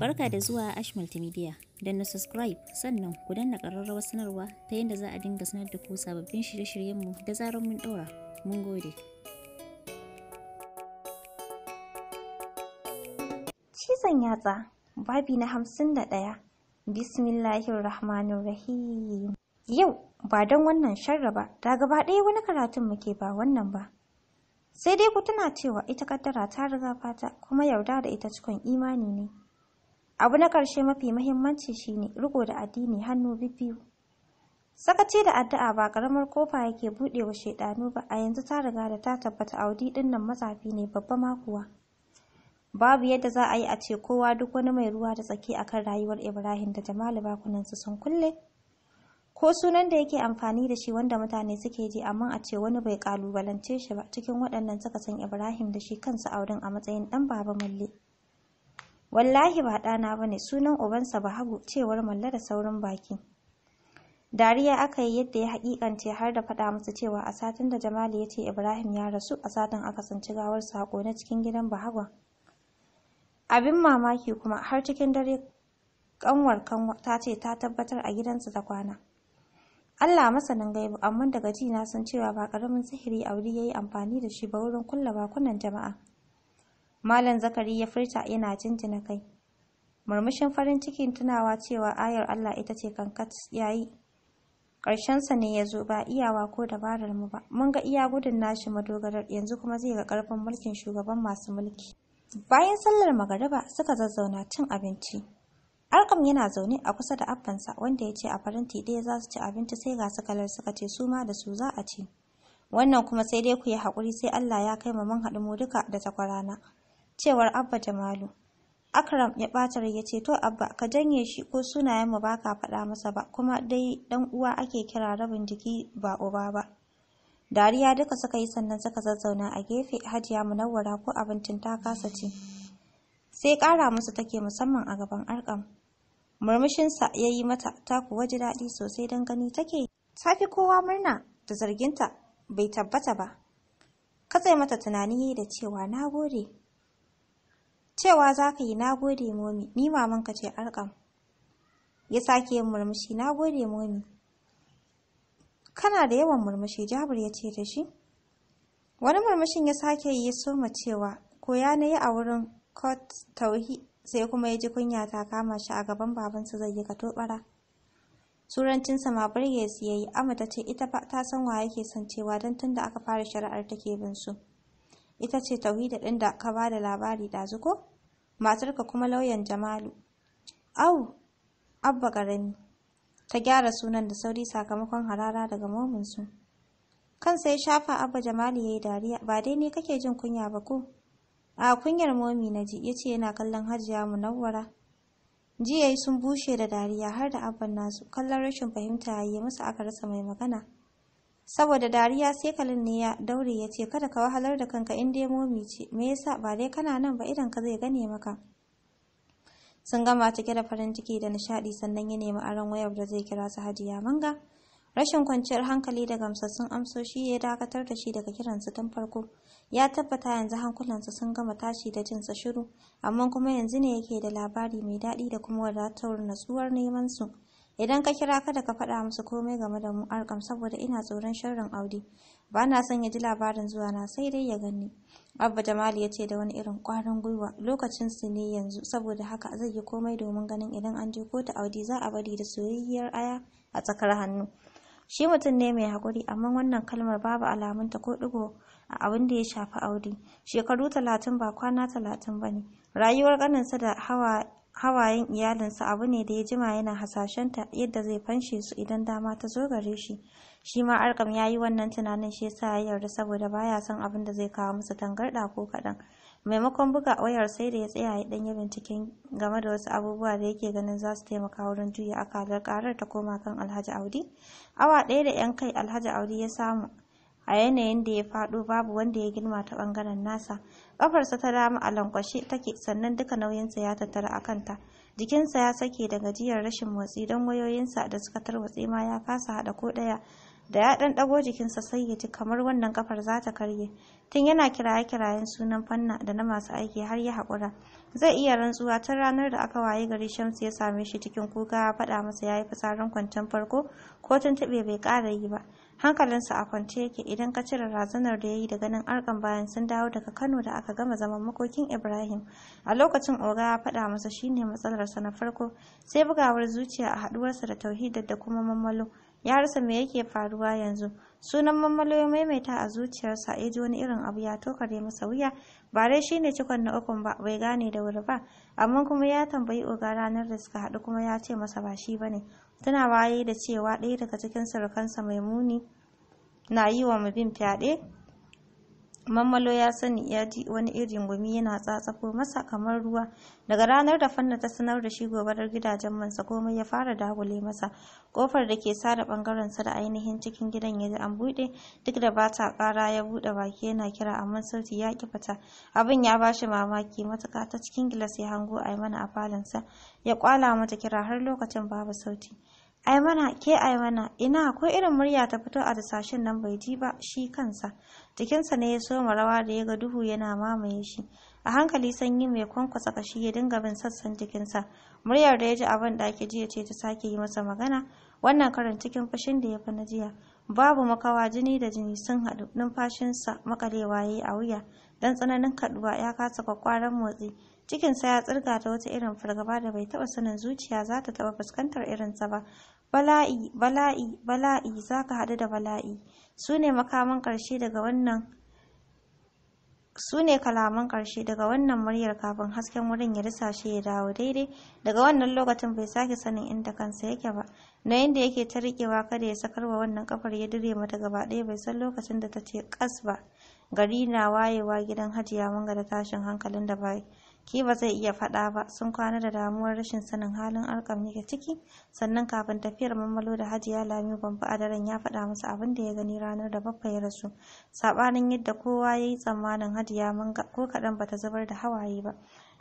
Barka da zuwa Ash Multimedia. Don na subscribe sannan ku danna ƙararrawar sanarwa ta yadda za a dinga sanar da ku sababbin shirye-shiryenmu da zarar mun ɗora. Mun gode. Cizon yatsa babi na hamsin da ɗaya. Bismillahirrahmanirrahim. Yau ba don wannan sharra ba, da gaba ɗaya wani karatun muke ba wannan ba. Sai dai ku tana cewa ita kaddara ta riga fata kuma yarda da ita cikon imani ne. abu na ƙarshe mafi muhimmanci shine riko da addini hannu biyu sakaci da addu'a ba karamar kofa yake bude wa shaidanu ba a yanzu ta riga da ta tabbata audi din nan matsafi ne babba kuwa. babu yadda za a yi a ce kowa duk wani mai ruwa da tsaki akan rayuwar ibrahim da jamalu su sun kulle ko sunan da yake amfani da shi wanda mutane suke ji amma a ce wani bai kalubalance shi ba cikin waɗannan suka san ibrahim da shi kansa auren a matsayin ɗan baba malle wallahi ba ɗana ba ne sunan ubansa ba hagu, cewar malla da saurin baki dariya aka yi yadda ya haƙiƙance har da faɗa musu cewa a satin da jamali ya ce ibrahim ya rasu a satin aka tsinci gawar sako na cikin gidan bahagon abin mamaki kuma har cikin dare ƙanwar kanwa ta ce ta tabbatar a gidansa ta kwana Allah masanin gaibu amma daga ji na san cewa ba ƙaramin sihiri a wuri ya yi amfani da shi ba wurin kulla bakunan jama'a Malam Zakari ya furta yana jinjina kai. Murmushin farin cikin tunawa cewa ayar Allah ita ce kankat yayi. Ƙarshensa ne ya zo ba iyawa ko dabarar mu ba. Mun ga iya gudun nashi madogarar yanzu kuma zai ga ƙarfin mulkin shugaban masu mulki. Bayan sallar magariba suka zazzauna cin abinci. Arkam yana zaune a kusa da abbansa wanda ya ce a faranti ɗaya za su ci abinci sai ga su kalar suka ce su ma da su za a ci. Wannan kuma sai dai ku yi haƙuri sai Allah ya kai mu mun haɗu mu duka da takwarana. cewar Abba Jamalu. Akram ya ɓata ya ce to Abba ka janye shi ko sunayen mu ba ka faɗa masa ba kuma dai dan uwa ake kira rabin jiki ba uba ba. Dariya duka suka yi sannan suka zazzauna a gefe Hajiya Munawwara ko abincin ta kasa ce. Sai ƙara musu take musamman a gaban arkam. Murmushinsa ya yi mata ta kuwa ji daɗi sosai don gani take ta fi kowa murna da zarginta bai tabbata ba. ka mata tunani da cewa na gode. Cewa za ka yi nagode, momi, ni mamanka ce arkam. Ya sake yin murmushi nagode, momi. Kana da yawan murmushi Jabir ya ce da shi. Wani murmushin ya sake yi soma cewa koya na yi a wurin Kot Tauhi sai kuma ya ji kunya ta kama shi a gaban babansa zai yi tobara. Turancinsa ma burge su yayi, amma ta ce ita fa ta san wa yake son cewa don tun aka fara shari'ar take bin su. ita ce tauhida ɗin da ka ba da labari ɗazu ko matarka kuma lauyan jamalu au abba ƙarami ta gyara sunan da sauri sakamakon harara daga mominsu Kan sai shafa abba jamali ya yi dariya ba dai ne kake jin kunya ba ko a kunyar momi na ji ya ce yana kallon hajiya munawwara jiya sun bushe da dariya har da abban nasu kallon rashin fahimta ya yi musu aka rasa mai magana saboda dariya sai kalin ne ya daure ya ce kada ka wahalar da kanka in dai momi ce me yasa ba dai kana nan ba idan ka zai gane maka sun gama cike da farin ciki da nishadi sannan ya nemi aron wayar da zai kira su hadiya manga rashin kwanciyar hankali da gamsassun shi ya dakatar da shi daga kiransu tun farko ya tabbata yanzu hankulansa sun gama tashi da jin jinsa shiru amma kuma yanzu ne yake da labari mai daɗi da kuma wadatar natsuwar neman su idan ka kira kada ka faɗa musu komai game da mu arkam saboda ina tsoron sharrin audi ba na son ya ji labarin zuwa na sai dai ya gani abba jamal ya ce da wani irin kwarin gwiwa lokacin su ne yanzu saboda haka zai yi komai domin ganin idan an je kotu audi za a bari da soyayyiyar aya a tsakar hannu shi mutum ne mai haƙuri amma wannan kalmar babu alamunta ko ɗigo a abin da ya shafi audi shekaru talatin ba kwana talatin ba ne rayuwar ƙaninsa da hawa hawayen iyalinsa abu ne da ya jima yana hasashenta yadda zai fanshe su idan dama ta zo gare shi shi ma arkam ya yi wannan tunanin shi yasa ya yarda saboda baya son abin da zai kawo musu tangarɗa ko kaɗan maimakon buga wayar sai da ya tsaya ya ɗanyi binciken game da wasu abubuwa da yake ganin za su taimaka wurin juya akalar karar ta koma kan alhaji audi awa ɗaya da yan kai alhaji audi ya samu a yanayin da ya faɗo babu wanda ya girma ta ɓangaren nasa ƙafarsa ta dama a lankwashe take sannan duka nauyinsa ya tattara a kanta jikinsa ya sake da gajiyar rashin motsi don wayoyinsa da suka tarwatse ma ya kasa haɗa ko ɗaya da ya ɗan ɗago jikinsa sai ya ji kamar wannan kafar za ta karye tun yana kiraye-kirayen sunan fanna da na masu aiki har ya haƙura zai iya rantsuwa tun ranar da aka waye gari shamsu ya same shi cikin kuka ya faɗa masa ya yi fitsarin kwancen farko ko tuntuɓe bai ƙara yi ba hankalinsa a kwance yake idan ka cire razanar da ya yi daga nan arkan bayan sun dawo daga kano da aka gama zaman makokin ibrahim a lokacin oga ya faɗa masa shine matsalarsa na farko sai bugawar zuciya a haɗuwarsa da tauhidar da kuma mammalo ya rasa me yake faruwa yanzu sunan mammalo ya maimaita a zuciyarsa ya ji wani irin abu ya tokare masa wuya ba dai shine cikon na ukun ba bai gane da wuri ba amma kuma ya tambayi oga ranar da suka haɗu kuma ya ce masa ba shi bane tana waye da cewa ɗaya daga cikin surukansa muni na yi wa mubin fyaɗe Mammalo ya sani ya ji wani irin gumi yana tsatsafo masa kamar ruwa. Daga ranar da Fanna ta sanar da shi gobarar gidajen mansa komai ya fara dagule masa. Kofar da ke sada bangaren sa da ainihin cikin gidan ya ji an buɗe duk da ba ta ƙara ya buɗe baki yana kira amma sauti ya ki fita. Abin ya ba shi mamaki matuka ta cikin gilas ya hango mana a falonsa ya kwala mata kira har lokacin babu sauti. Ai mana, ke ai mana, ina ko irin murya ta fito a dasashen nan bai ji ba shi kansa jikinsa ne ya soma rawa da ya ga duhu yana mamaye shi a hankali sanyi mai kwankwasa kashi ya dinga bin sassan jikinsa muryar da ya ji a da ake jiya ce ta sake yi masa magana wannan karin cikin fashin da ya fi na jiya babu makawa jini da jini sun haɗu numfashinsa makalewa ya yi a wuya don tsananin kaɗuwa ya kasa kwakwaran motsi cikinsa ya tsirga ta wata irin fargaba da bai taɓa sanin zuciya za ta taɓa fuskantar irinsa ba bala'i bala'i bala'i za ka haɗu da bala'i su ne makaman ƙarshe daga wannan su ne kalaman ƙarshe daga wannan muryar kafin hasken wurin ya shi ya dawo daidai daga wannan lokacin bai sake sanin inda kansa yake ba na yadda yake ta riƙewa kada ya sakarwa wannan kafar ya dire mata gaba ɗaya bai san lokacin da ta ce ƙas ba gari na wayewa gidan hajiya manga da tashin hankalin da bai ki ba zai iya faɗa ba sun kwana da damuwar rashin sanin halin alkam yake ciki sannan kafin tafiyar mammalo da hajiya lami bamba a daren ya faɗa musu abin da ya gani ranar da babba ya rasu saɓanin yadda kowa ya yi tsammanin hajiya manga ko kaɗan bata zubar da hawaye ba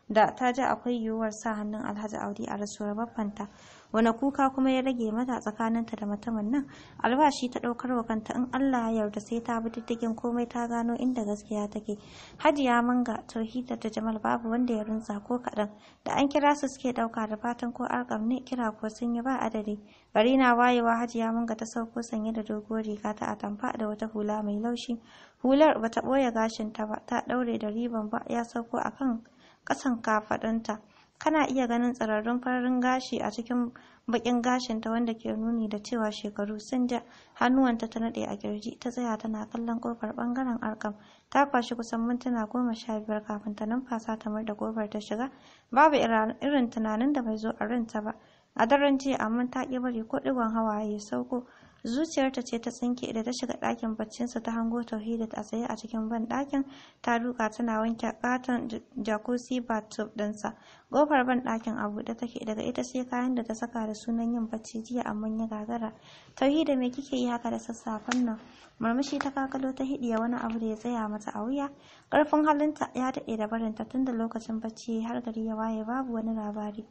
da ta ji akwai yiwuwar sa hannun alhaji audi a rasuwar babbanta wani kuka kuma ya rage mata tsakaninta da mutumin nan albashi ta ɗaukar wa kanta in Allah ya yarda sai ta bi diddigin komai ta gano inda gaskiya take hajiya manga tauhida da jamal babu wanda ya runtsa ko kaɗan da an kira su suke ɗauka da fatan ko arkam ne kira ko sun yi ba adadi gari na wayewa hajiya manga ta sauko sanye da doguwar riga ta atamfa da wata hula mai laushi hular bata ɓoye gashinta ba ta ɗaure da riban ba ya sauko akan ƙasan kafaɗanta kana iya ganin tsirarrun farin gashi a cikin bakin gashinta wanda ke nuni da cewa shekaru sun ja hannuwanta ta nade a kirji ta tsaya tana kallon kofar bangaren arkam ta kwashi kusan mintuna goma sha biyar kafin ta numfasa ta da kofar ta shiga babu irin tunanin da bai zo a ranta ba a daren jiya amma ta ki bari ko digon hawaye sauko zuciyarta ce ta tsinke da ta shiga ɗakin baccinsa ta hango tauhidat a tsaye a cikin ban ɗakin ta duka tana wanke katon jacuzzi bathtub ɗinsa ƙofar ban ɗakin a buɗe take daga ita sai kayan da ta saka da sunan yin bacci jiya amma ya gagara tauhida me kike yi haka da sassafen nan murmushi ta kakalo ta hidiya wani abu da ya tsaya mata a wuya ƙarfin halinta ya daɗe da barinta tun da lokacin bacci har gari ya waye babu wani labari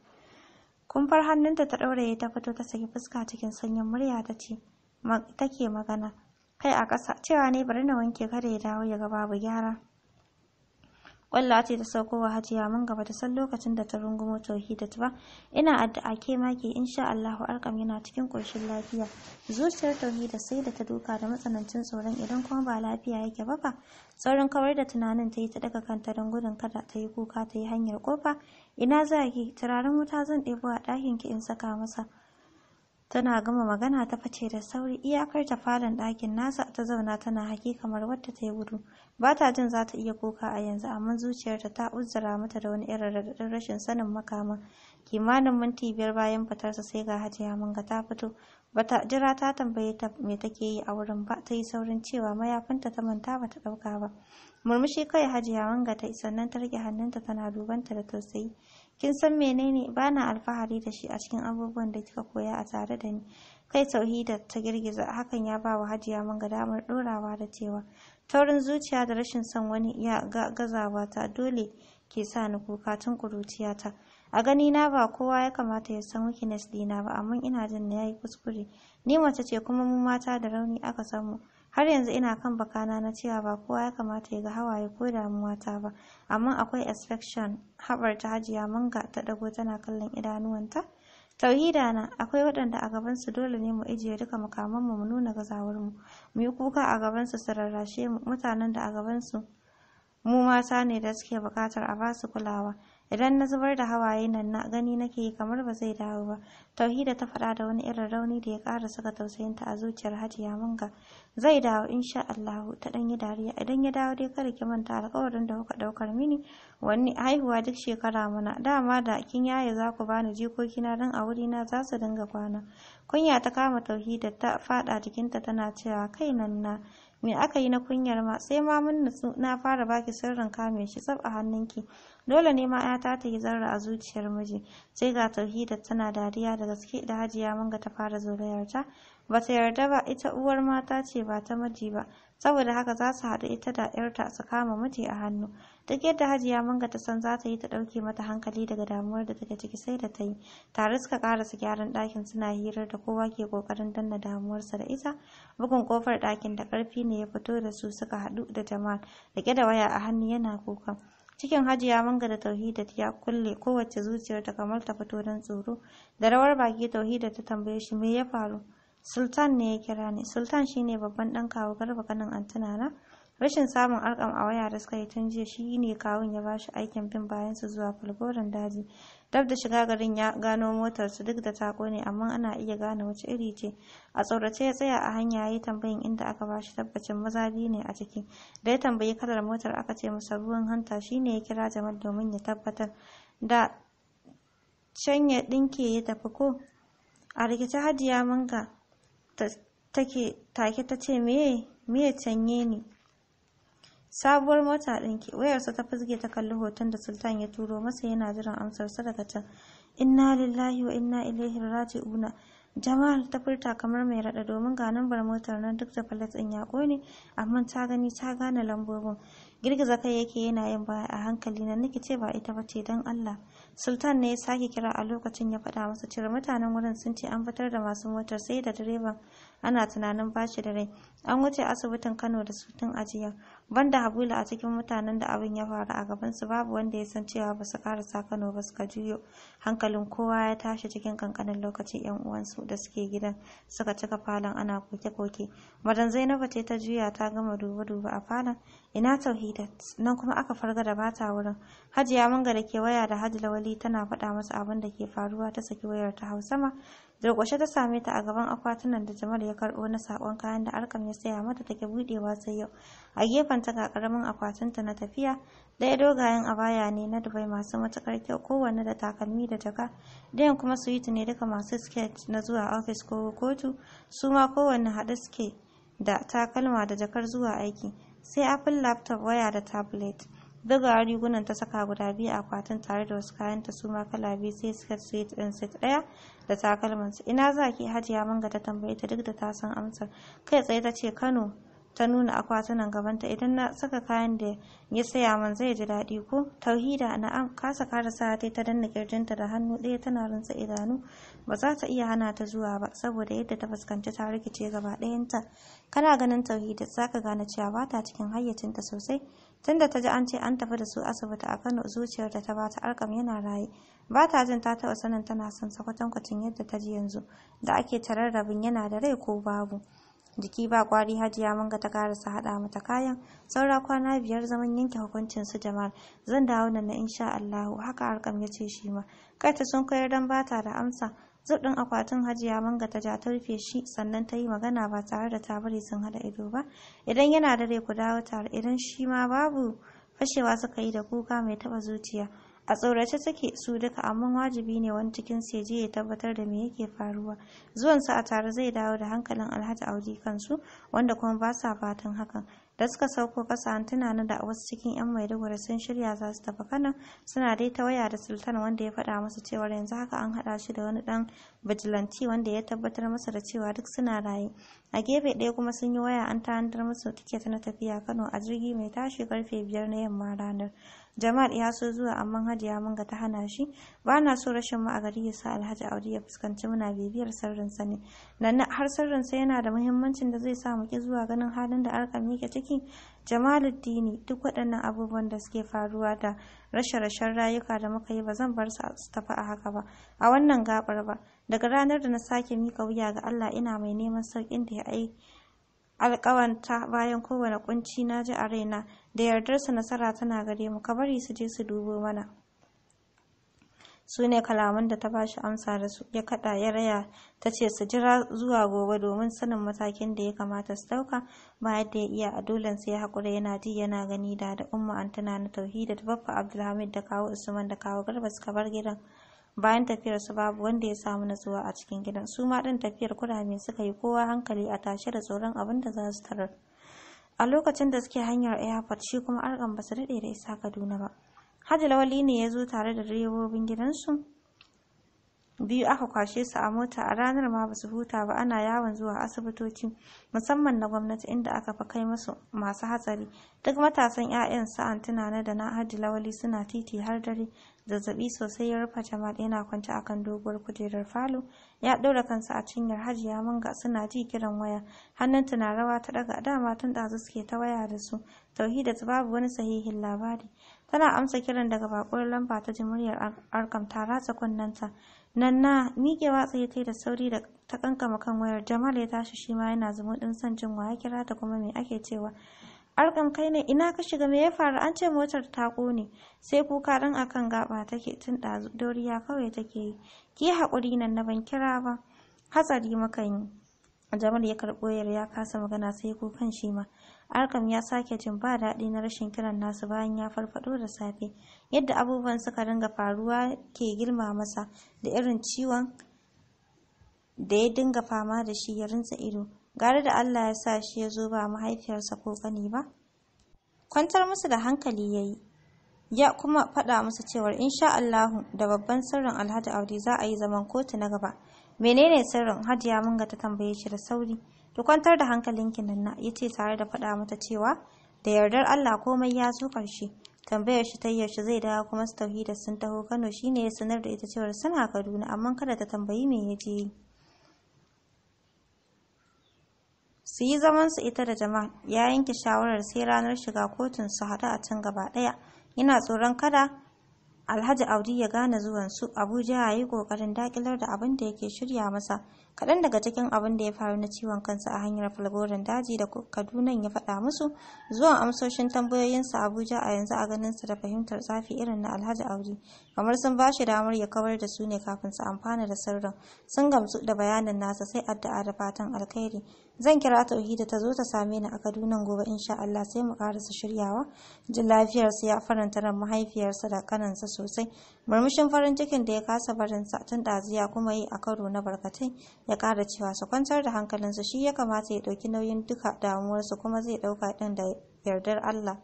kumfar hannunta ta ɗauraye ta fito ta saki fuska cikin sanyin murya ta ce take magana kai a ƙasa cewa ne bari na wanke kada ya dawo ya ga babu gyara a ce ta sauko wa hajiya mun gaba ta san lokacin da ta rungumo ta ba ina addu'a ke maki insha Allahu arkam yana cikin ƙoshin lafiya zuciyar tauhida sai da ta duka da matsanancin tsoron idan kuma ba lafiya yake ba fa saurin kawar da tunanin ta yi ta daga kanta don gudun kada ta yi kuka ta yi hanyar kofa ina za ki turaren wuta zan ɗebo a ɗakin ki in saka masa Tana gama magana ta fice da sauri iyakar ta falon ɗakin nasa ta zauna tana haki kamar wadda ta yi gudu. Ba ta jin za ta iya kuka a yanzu amma zuciyarta ta uzzura mata da wani irin raɗaɗin rashin sanin makama. Kimanin minti biyar bayan fitarsa sai ga Hajiya Manga ta fito. Bata jira ta tambaye ta me take yi a wurin ba ta yi saurin cewa mayafinta ta manta ba ta ɗauka ba. Murmushi kai Hajiya Manga ta sannan ta rike hannunta tana dubanta da tausayi. kin san menene bana alfahari da shi a cikin abubuwan da kika koya a tare da ni kai tauhida ta girgiza hakan ya ba wa hajiya manga damar dorawa da cewa taurin zuciya da rashin son wani ya gazawa ta dole ke sa ni kuka tun kuruciyata a gani na ba kowa ya kamata ya san wikines dina ba amma ina jin na yayi kuskure ni mace ce kuma mu mata da rauni aka samu Har yanzu ina kan bakana na cewa ba kowa ya kamata ya ga hawaye ko damuwa ta ba, amma akwai inspection habar ta hajiya manga ta dago tana kallon idanuwanta. Tauhida na akwai waɗanda a gabansu dole ne mu ijiye duka makamanmu mu nuna gazawarmu, mu yi kuka a gabansu su rarrashe mutanen da a gabansu mu mata ne da suke bukatar a basu kulawa. idan na zubar da hawaye nan na gani nake kamar ba zai dawo ba tauhida ta faɗa da wani irin rauni da ya ƙara saka tausayinta a zuciyar hajiya manga zai dawo insha allahu ta ɗan yi dariya idan ya dawo dai kada ki manta alƙawarin da kuka ɗaukar mini wani haihuwa duk shekara mana dama da kin yaye za ku bani jikokina dan a wurina za su dinga kwana kunya ta kama tauhida ta faɗa jikinta tana cewa kai nan na me aka yi na kunyar ma sai ma mun nutsu na fara baki sirrin kame shi tsab a hannunki dole ne ma yata ta yi zarra a zuciyar miji sai ga tauhidar tana dariya da gaske da hajiya manga ta fara zolayar ta bata yarda ba ita uwar mata ce ba ta miji ba saboda haka za su haɗu ita da ‘yarta su kama miji a hannu duk yadda hajiya manga ta san za ta yi ta ɗauke mata hankali daga damuwar da take ciki sai da ta yi tare suka karasa gyaran ɗakin suna hirar da kowa ke ƙoƙarin danna damuwarsa da ita bugun ƙofar ɗakin da ƙarfi ne ya fito da su suka haɗu da jamal riƙe da waya a hannu yana kuka cikin hajiya manga da tauhida ya kulle kowace zuciyar ta kamar ta fito don tsoro da rawar baki tauhida ta tambaye shi me ya faru sultan ne ya kira ni sultan shine babban dan kawo garba kanin antina na rashin samun arkam a waya da suka yi tun jiya shi ne kawun ya bashi aikin bin bayan su zuwa falgoran daji dab da shiga garin ya gano motar su duk da ta kone amma ana iya gane wace iri ce a tsorace ya tsaya a hanya ya yi tambayin inda aka bashi tabbacin maza biyu ne a ciki da ya tambayi kalar motar aka ce masa ruwan hanta shine ya kira jamal domin ya tabbatar da can ya ɗinke ya tafi ko a rikice hajiya manga take ta ce me ya canye ni sabuwar mota ɗinki wayarsa ta fizge ta kalli hoton da sultan ya turo masa yana jiran amsarsa daga can inna lillahi wa inna ilaihi raji'una jamal ta furta kamar mai rada domin ga lambar motar nan duk da plate ɗin ya kone amma ta gani ta gane lambobin girgiza kai yake yana yin baya a hankali na nake ce ba ita ba ce don allah sultan ne ya sake kira a lokacin ya faɗa masa cewa mutanen wurin sun ce an fitar da masu motar sai da direban ana tunanin ba shi da rai an wuce asibitin kano da su tun ajiya banda habula a cikin mutanen da abin ya faru a gabansu babu wanda ya san cewa ba su karasa kano ba suka juyo hankalin kowa ya tashi cikin kankanin lokaci yan uwansu da suke gidan suka cika falon ana koke-koke madan zainaba ce ta juya ta gama duba-duba a falon ina tauhida nan kuma aka farga da bata wurin hajiya manga da ke waya da hajji lawali tana faɗa masa abin da ke faruwa ta saki wayar ta hau sama Durƙushe ta same ta a gaban akwatunan da Jamal ya karɓo na sakon kayan da Arkam ya saya mata take buɗewa sai yau. A gefen ta ga karamin akwatinta na tafiya, daya dogayen a baya ne na Dubai masu matukar kyau kowanne da takalmi da jaka, dayan kuma suite ne duka masu siket na zuwa office ko kotu, su ma kowanne haɗe suke da takalma da jakar zuwa aiki, sai Apple laptop waya da tablet. Daga rigunan ta saka guda biyu a akwatin tare da wasu kayan ta suma kala biyu sai skirt suit din set ɗaya da takalmin su Ina za ki hajiya manga ta tambaye ta duk da ta san amsar. Kai tsaye ta ce Kano ta nuna akwatunan gabanta idan na saka kayan da ya saya man zai ji daɗi ko tauhida na'am kasa kara sa ta ta danna kirjinta da hannu ɗaya tana rantsa idanu ba za ta iya hana ta zuwa ba saboda yadda ta fuskanci ta rikice gaba ɗayanta kana ganin tauhida zaka gane cewa ba ta cikin hayyacinta sosai tun da ta ji an ce an tafi da su asibiti a Kano zuciyar da ta ba ta arkam yana raye ba ta jin ta taɓa sanin tana son sa kwatankwacin yadda ta ji yanzu da ake tararrabin yana da rai ko babu jiki ba kwari hajiya ga ta karasa haɗa mata kayan saura kwana biyar zaman yanke hukuncin su jamal zan dawo nan na insha allahu haka arkam ya ce shi ma kai ta sun koyar dan ta da amsa zub ɗin akwatin hajiya manga ta ja ta rufe shi sannan ta yi magana ba tare da ta sun hada ido ba idan yana da dare ku dawo tare idan shi ma babu fashewa suka yi da kuka mai taɓa zuciya a tsorace take su duka amma wajibi ne wani cikin seje ya tabbatar da me yake faruwa zuwan sa a tare zai dawo da hankalin alhaji audi kansu wanda kuma ba sa fatan hakan da suka sauko kasa an tunanin da wasu cikin 'yan maiduguri sun shirya za su tafi kano suna dai ta waya da sultan wanda ya faɗa masa cewa yanzu haka an haɗa shi da wani dan bijilanci wanda ya tabbatar masa da cewa duk suna raye a gefe ɗaya kuma sun yi waya an tanadar musu tiket na tafiya kano a jirgi mai tashi karfe biyar na yamma ranar jama'ar ya so zuwa amma ya Manga ta hana shi. Ba na so rashin mu a gari ya sa Alhaji Audi ya fuskanci muna bibiyar sirrin sa ne. Nan har sirrin sa yana da muhimmancin da zai sa mu ki zuwa ganin halin da Arkam yake ciki. dini duk waɗannan abubuwan da suke faruwa da rashe-rashen rayuka da muka yi ba zan bar su tafi a haka ba a wannan gabar ba daga ranar da na sake mika wuya ga Allah ina mai neman sauƙin da ya aiki alkawanta bayan kowane kunci na ji a raina da yardarsa nasara tana gare mu ka bari su je su dubo mana su ne kalaman da ta bashi amsa da su ya kada ya raya ta ce su jira zuwa gobe domin sanin matakin da ya kamata su dauka ba yadda ya iya a dolen sai ya hakura yana ji yana gani da da umma antana na tauhida da abdulhamid da kawo usman da kawo garba suka bar gidan bayan tafiyar su babu wanda ya samu natsuwa a cikin gidan su ma din tafiyar kurame suka yi kowa hankali a tashe da tsoron abin da za su tarar a lokacin da suke hanyar airport shi kuma argan ba su daɗe da isa kaduna ba hajji lawali ne ya zo tare da direbobin gidansu biyu aka kwashe su a mota a ranar ma ba su huta ba ana yawon zuwa asibitoci musamman na gwamnati inda aka fi kai musu masu hatsari duk matasan 'ya'yan sa'an tunana da na hajji lawali suna titi har dare zazzabi sosai ya rufa jamal yana kwance kan doguwar kujerar falo ya ɗaura kansa a cinyar hajiya manga suna ji kiran waya hannun na rawa ta ɗaga a dama tun ɗazu suke ta waya da su tauhida ta babu wani sahihin labari tana amsa kiran daga bakuwar lamba ta ji muryar arkam ta ratsa kunnanta nan na miƙewa tsaye kai da sauri da ta kankama kan wayar jamal ya tashi shi ma yana zumuɗin son jin wa ya kira ta kuma me ake cewa arkam kai ne ina ka shiga me ya faru an ce motar ta kone sai kuka dan akan gaba take tun da doriya kawai take yi ki hakuri nan na ban kira ba hatsari mukan yi jamal ya karɓo yar ya kasa magana sai kukan shi ma arkam ya sake jin ba daɗi na rashin kiran nasu bayan ya farfaɗo da safe yadda abubuwan suka ringa faruwa ke girma masa da irin ciwon da ya dinga fama da shi ya rinsa ido gara da Allah ya sa shi ya zo ba mahaifiyarsa ko kani ba kwantar musu da hankali ya yi ya kuma faɗa musu cewar insha Allahu da babban sirrin Alhaji Audi za a yi zaman kotu na gaba menene sirrin Hajiya Munga ta tambaye shi da sauri to kwantar da hankalin hankalinki nan ya ce tare da faɗa mata cewa da yardar Allah komai ya zo ƙarshe tambayar shi ta yaushe zai dawo kuma su tauhida sun taho Kano shine ya sanar da ita cewar suna Kaduna amma kada ta tambayi me ya je yi su yi zaman su ita da jama'a ya yanke shawarar sai ranar shiga kotun su haɗu a can gaba ɗaya yana tsoron kada Alhaji Audi ya gane zuwan su Abuja ya yi kokarin dakilar da abin da yake shirya masa kaɗan daga cikin abin da ya faru na ciwon kansa a hanyar falgoran daji da Kadunan ya faɗa musu zuwan amsoshin tambayoyinsa Abuja a yanzu a ganin sa da fahimtar tsafi irin na Alhaji Audi kamar sun ba shi damar ya kawar da su ne kafin su amfana da sirrin sun gamsu da bayanin nasa sai addu'a da fatan alkhairi zan kira tauhida ta zo ta same ni a kaduna gobe insha Allah sai mu karasa shiryawa jin lafiyarsa ya faranta ran mahaifiyarsa da kanansa sosai murmushin farin cikin da ya kasa barin sa tun daziya kuma yi a karo na barkatai ya kara cewa su kwantar da su shi ya kamata ya dauki nauyin duka damuwarsu kuma zai dauka din da yardar Allah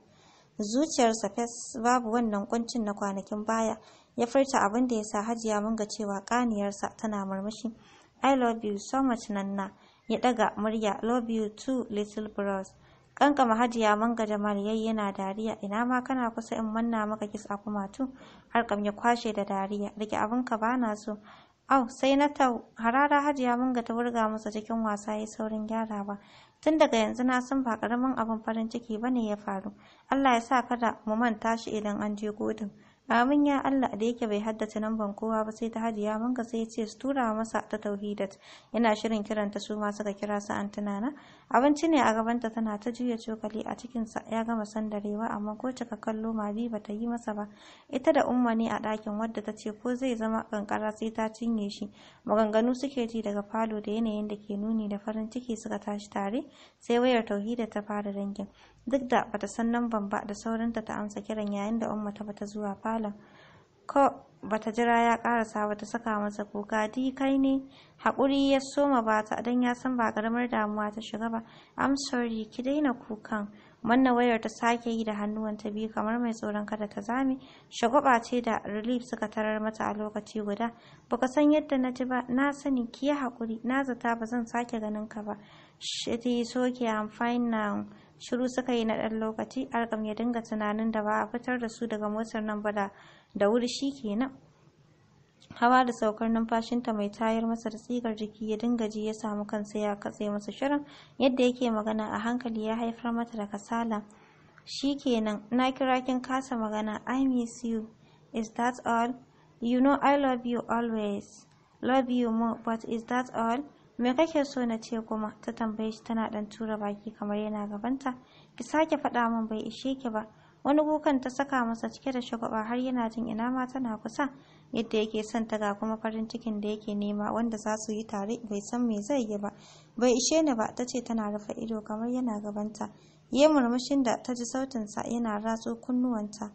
zuciyarsa fes babu wannan kuncin na kwanakin baya ya furta abin da ya sa hajiya mun ga cewa ƙaniyarsa tana murmushi i love you so much nanna ya ɗaga, murya love you too little bros kankama hajiya manga jamal yayi yana dariya ina ma kana kusa in manna maka kiss a kumatu har kam ya kwashe da dariya rike abin ka bana so au sai na ta harara hajiya manga ta wurga masa cikin wasa yayi saurin gyara ba. tun daga yanzu na san ba ƙaramin abin farin ciki ba ne ya faru Allah ya sa kada mu manta shi idan an je godin. Amin ya Allah da yake bai haddace namban kowa ba sai ta Hadiya Manga sai ce su tura masa ta Tauhidat. Yana shirin kiranta su ma suka kira su an tunana. Abinci ne a gabanta tana ta juya cokali a cikin sa ya gama sandarewa amma ko cikakken kallo biyu bata yi masa ba. Ita da Umma ne a dakin wadda ta ce ko zai zama kankara sai ta cinye shi. Maganganu suke ji daga falo da yanayin da ke nuni da farin ciki suka tashi tare sai wayar Tauhidat ta fara dangin. duk da bata san namban ba da saurinta ta amsa kiran yayin da umma ta bata zuwa falon ko bata jira ya karasa ba ta saka masa kuka di kai ne haƙuri ya soma bata dan ya san ba karamar damuwa ta shiga ba i'm sorry ki daina kukan manna wayar ta sake yi da hannuwan ta biyu kamar mai tsoron kada ta zame shagwaba ce da relief suka tarar mata a lokaci guda baka san yadda na ji ba na sani ki yi haƙuri na zata ba zan sake ganin ka ba shitty eh, so soke i'm fine now shiru suka yi na ɗan lokaci arkam ya dinga tunanin da ba a fitar da su daga motar nan ba da da wuri shi kenan hawa da saukar numfashinta mai tayar masa da tsigar jiki ya dinga ji ya samu kansa ya katse masa shirin yadda yake magana a hankali ya haifar mata da kasala shi kenan na kira kin kasa magana i miss you is that all you know i love you always love you more but is that all me kake so na ce kuma ta tambaye shi tana dan tura baki kamar yana gabanta ki sake faɗa min bai ishe ki ba wani kukan ta saka masa cike da shagwaba har yana jin ina ma tana kusa yadda yake son ta ga kuma farin cikin da yake nema wanda za su yi tare bai san me zai yi ba bai ishe ni ba ta ce tana rufe ido kamar yana gabanta ya murmushin da ta ji sautinsa yana ratso kunnuwanta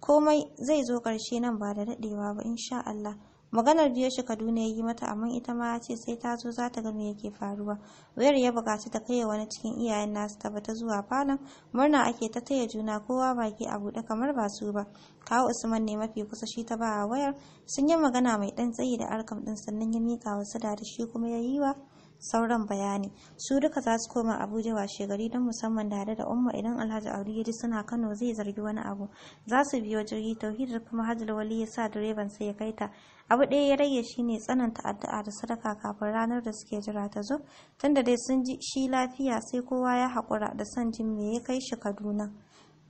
komai zai zo ƙarshe nan ba da daɗewa ba insha Allah maganar biyo shi kaduna ya yi mata amma ita ma ce sai ta zo za ta ga me yake faruwa wayar ya bukaci ta kai wani cikin iyayen nasu ta bata zuwa falon murna ake ta taya juna kowa baki a buɗe kamar ba su ba kawo usman ne mafi kusa shi ta ba a wayar sun yi magana mai ɗan tsayi da arkam ɗin sannan ya miƙa wasu da shi kuma ya yi wa sauran bayani su duka za su koma abuja washe gari don musamman da da umma idan alhaji ji suna kano zai zargi wani abu za su biyo jirgi tauhidar kuma hajjal wali ya sa direban sai ya kai ta abu ɗaya ya rage shine tsananta addu'a da sadaka kafin ranar da suke jira ta zo tunda dai sun ji shi lafiya sai kowa ya haƙura da son jin me ya kai shi kaduna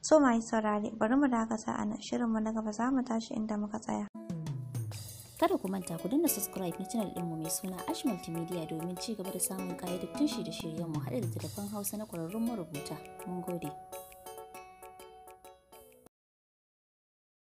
so mai saurare bari mu dakata a nan shirinmu na gaba za mu tashi inda muka tsaya kada ku manta ku dinna subscribe na channel ɗinmu mai suna ash multimedia domin ci gaba da samun kayyadattun shirye-shiryenmu haɗe da telefon hausa na ƙwararrun marubuta mun gode